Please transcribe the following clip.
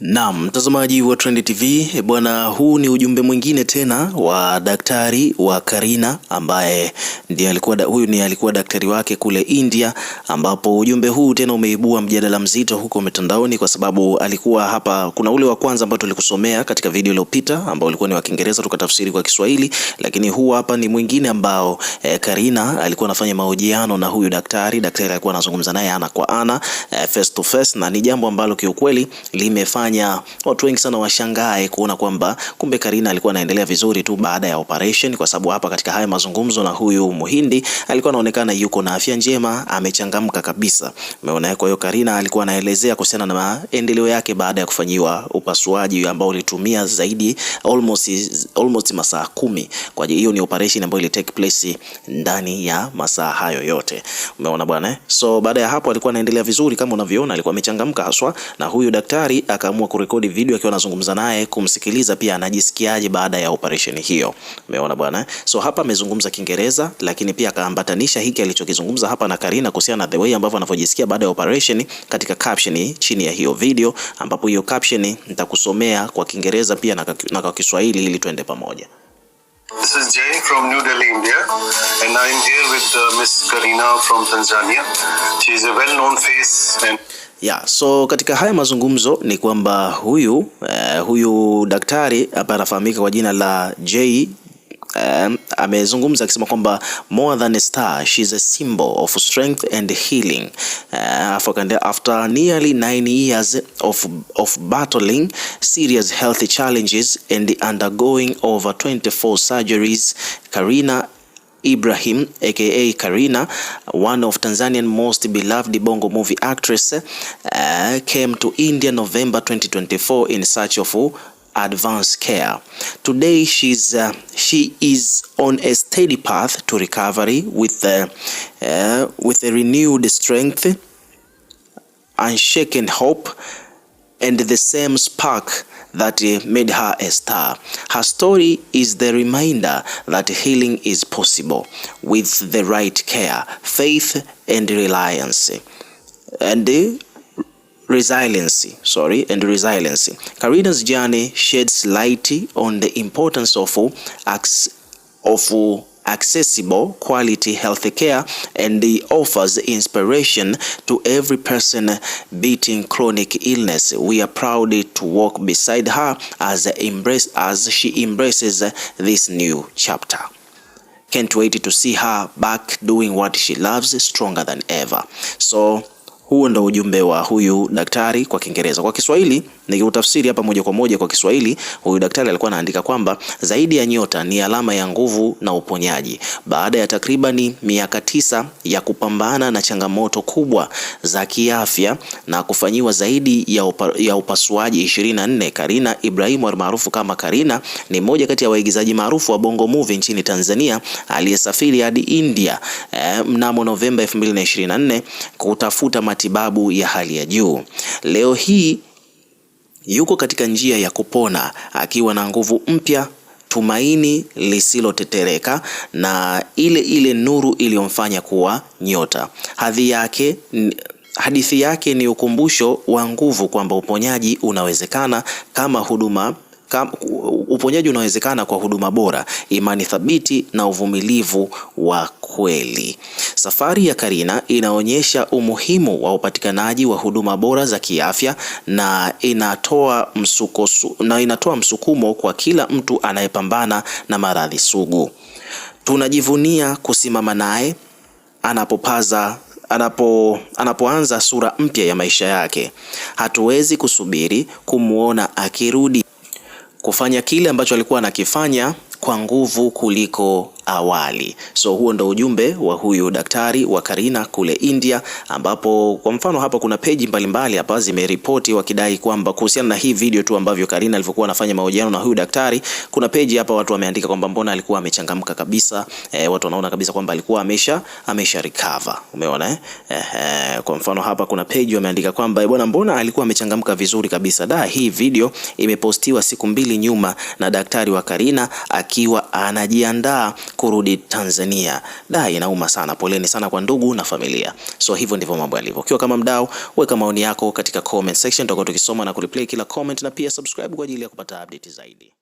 Naam, mtazamaji wa Trend TV eh, bwana, huu ni ujumbe mwingine tena wa daktari wa Karina ambaye ndiye alikuwa da, huyu ni alikuwa daktari wake kule India, ambapo ujumbe huu tena umeibua mjadala mzito huko mitandaoni, kwa sababu alikuwa hapa. Kuna ule wa kwanza ambao tulikusomea katika video iliyopita ambao ulikuwa ni wa Kiingereza tukatafsiri kwa Kiswahili, lakini huu hapa ni mwingine ambao eh, Karina alikuwa anafanya mahojiano na huyu daktari. Daktari alikuwa anazungumza naye ana kwa ana eh, face to face, na ni jambo ambalo kiukweli limefanya kufanya watu wengi sana washangae kuona kwamba kumbe Karina alikuwa anaendelea vizuri tu baada ya operation, kwa sababu hapa katika haya mazungumzo na huyu Muhindi alikuwa anaonekana yuko na afya njema, amechangamka kabisa, umeona. Kwa hiyo Karina alikuwa anaelezea kuhusiana na maendeleo yake baada ya kufanyiwa upasuaji ambao ulitumia zaidi almost, almost masaa kumi. Kwa hiyo hiyo ni operation ambayo ili take place ndani ya masaa hayo yote, umeona bwana. Eh? So baada ya hapo alikuwa anaendelea vizuri kama unavyoona, alikuwa amechangamka haswa, na huyu daktari aka ameamua kurekodi video akiwa anazungumza naye kumsikiliza pia anajisikiaje baada ya operation hiyo. Umeona bwana? So hapa amezungumza Kiingereza lakini pia akaambatanisha hiki alichokizungumza hapa na Karina kuhusiana na the way ambavyo anavyojisikia baada ya operation katika caption chini ya hiyo video ambapo hiyo caption nitakusomea kwa Kiingereza pia na kwa Kiswahili ili tuende pamoja. This is Jay from New Delhi, India, and I'm here with uh, Miss Karina from Tanzania. She is a well-known face and ya, so katika haya mazungumzo ni kwamba huyu eh, huyu daktari ambaye anafahamika kwa jina la J Um, amezungumza akisema kwamba more than a star is a symbol of strength and healing uh, after nearly nine years of, of battling serious health challenges and undergoing over 24 surgeries Karina Ibrahim aka Karina, one of Tanzanian most beloved Bongo movie actress, uh, came to India November 2024 in search of advanced care. Today she's, uh, she is on a steady path to recovery with, uh, uh, with a renewed strength, unshaken hope and the same spark that made her a star. Her story is the reminder that healing is possible with the right care, faith and reliance. And resiliency sorry and resiliency Karina's journey sheds light on the importance of of accessible quality care and offers inspiration to every person beating chronic illness. We are proud to walk beside her as, embrace, as she embraces this new chapter. Can't wait to see her back doing what she loves stronger than ever. So huo ndo ujumbe wa huyu daktari kwa Kiingereza. Kwa Kiswahili nikiutafsiri hapa moja kwa moja kwa Kiswahili, huyu daktari alikuwa anaandika kwamba zaidi ya nyota ni alama ya nguvu na uponyaji. Baada ya takribani miaka tisa ya kupambana na changamoto kubwa za kiafya na kufanyiwa zaidi ya, upa, ya upasuaji 24, Karina Ibrahimu maarufu kama Karina ni mmoja kati ya waigizaji maarufu wa Bongo Movie nchini Tanzania aliyesafiri hadi India eh, mnamo Novemba 2024 kutafuta matibabu ya hali ya juu. Leo hii yuko katika njia ya kupona akiwa na nguvu mpya, tumaini lisilotetereka na ile ile nuru iliyomfanya kuwa nyota. Hadhi yake hadithi yake ni ukumbusho wa nguvu kwamba uponyaji unawezekana kama huduma uponyaji unawezekana kwa huduma bora, imani thabiti na uvumilivu wa kweli. Safari ya Karina inaonyesha umuhimu wa upatikanaji wa huduma bora za kiafya na inatoa msuko, na inatoa msukumo kwa kila mtu anayepambana na maradhi sugu. Tunajivunia kusimama naye anapopaza anapo anapoanza sura mpya ya maisha yake. Hatuwezi kusubiri kumwona akirudi kufanya kile ambacho alikuwa anakifanya kwa nguvu kuliko awali. So huo ndo ujumbe wa huyu daktari wa Karina kule India, ambapo kwa mfano hapa kuna peji mbalimbali hapa zimeripoti wakidai kwamba kuhusiana na hii video tu ambavyo Karina alivyokuwa anafanya mahojiano na huyu daktari, kuna peji hapa watu wameandika kwamba mbona alikuwa amechangamka kabisa. E, watu wanaona kabisa kwamba alikuwa amesha amesha recover, umeona eh? E, kwa mfano hapa kuna peji wameandika kwamba eh, bwana, mbona alikuwa amechangamka vizuri kabisa da. Hii video imepostiwa siku mbili nyuma na daktari wa Karina akiwa anajiandaa kurudi Tanzania. Da, inauma sana, poleni sana kwa ndugu na familia. So hivyo ndivyo mambo yalivyo. Ukiwa kama mdau, weka maoni yako katika comment section, tutakuwa tukisoma na kureplay kila comment, na pia subscribe kwa ajili ya kupata update zaidi.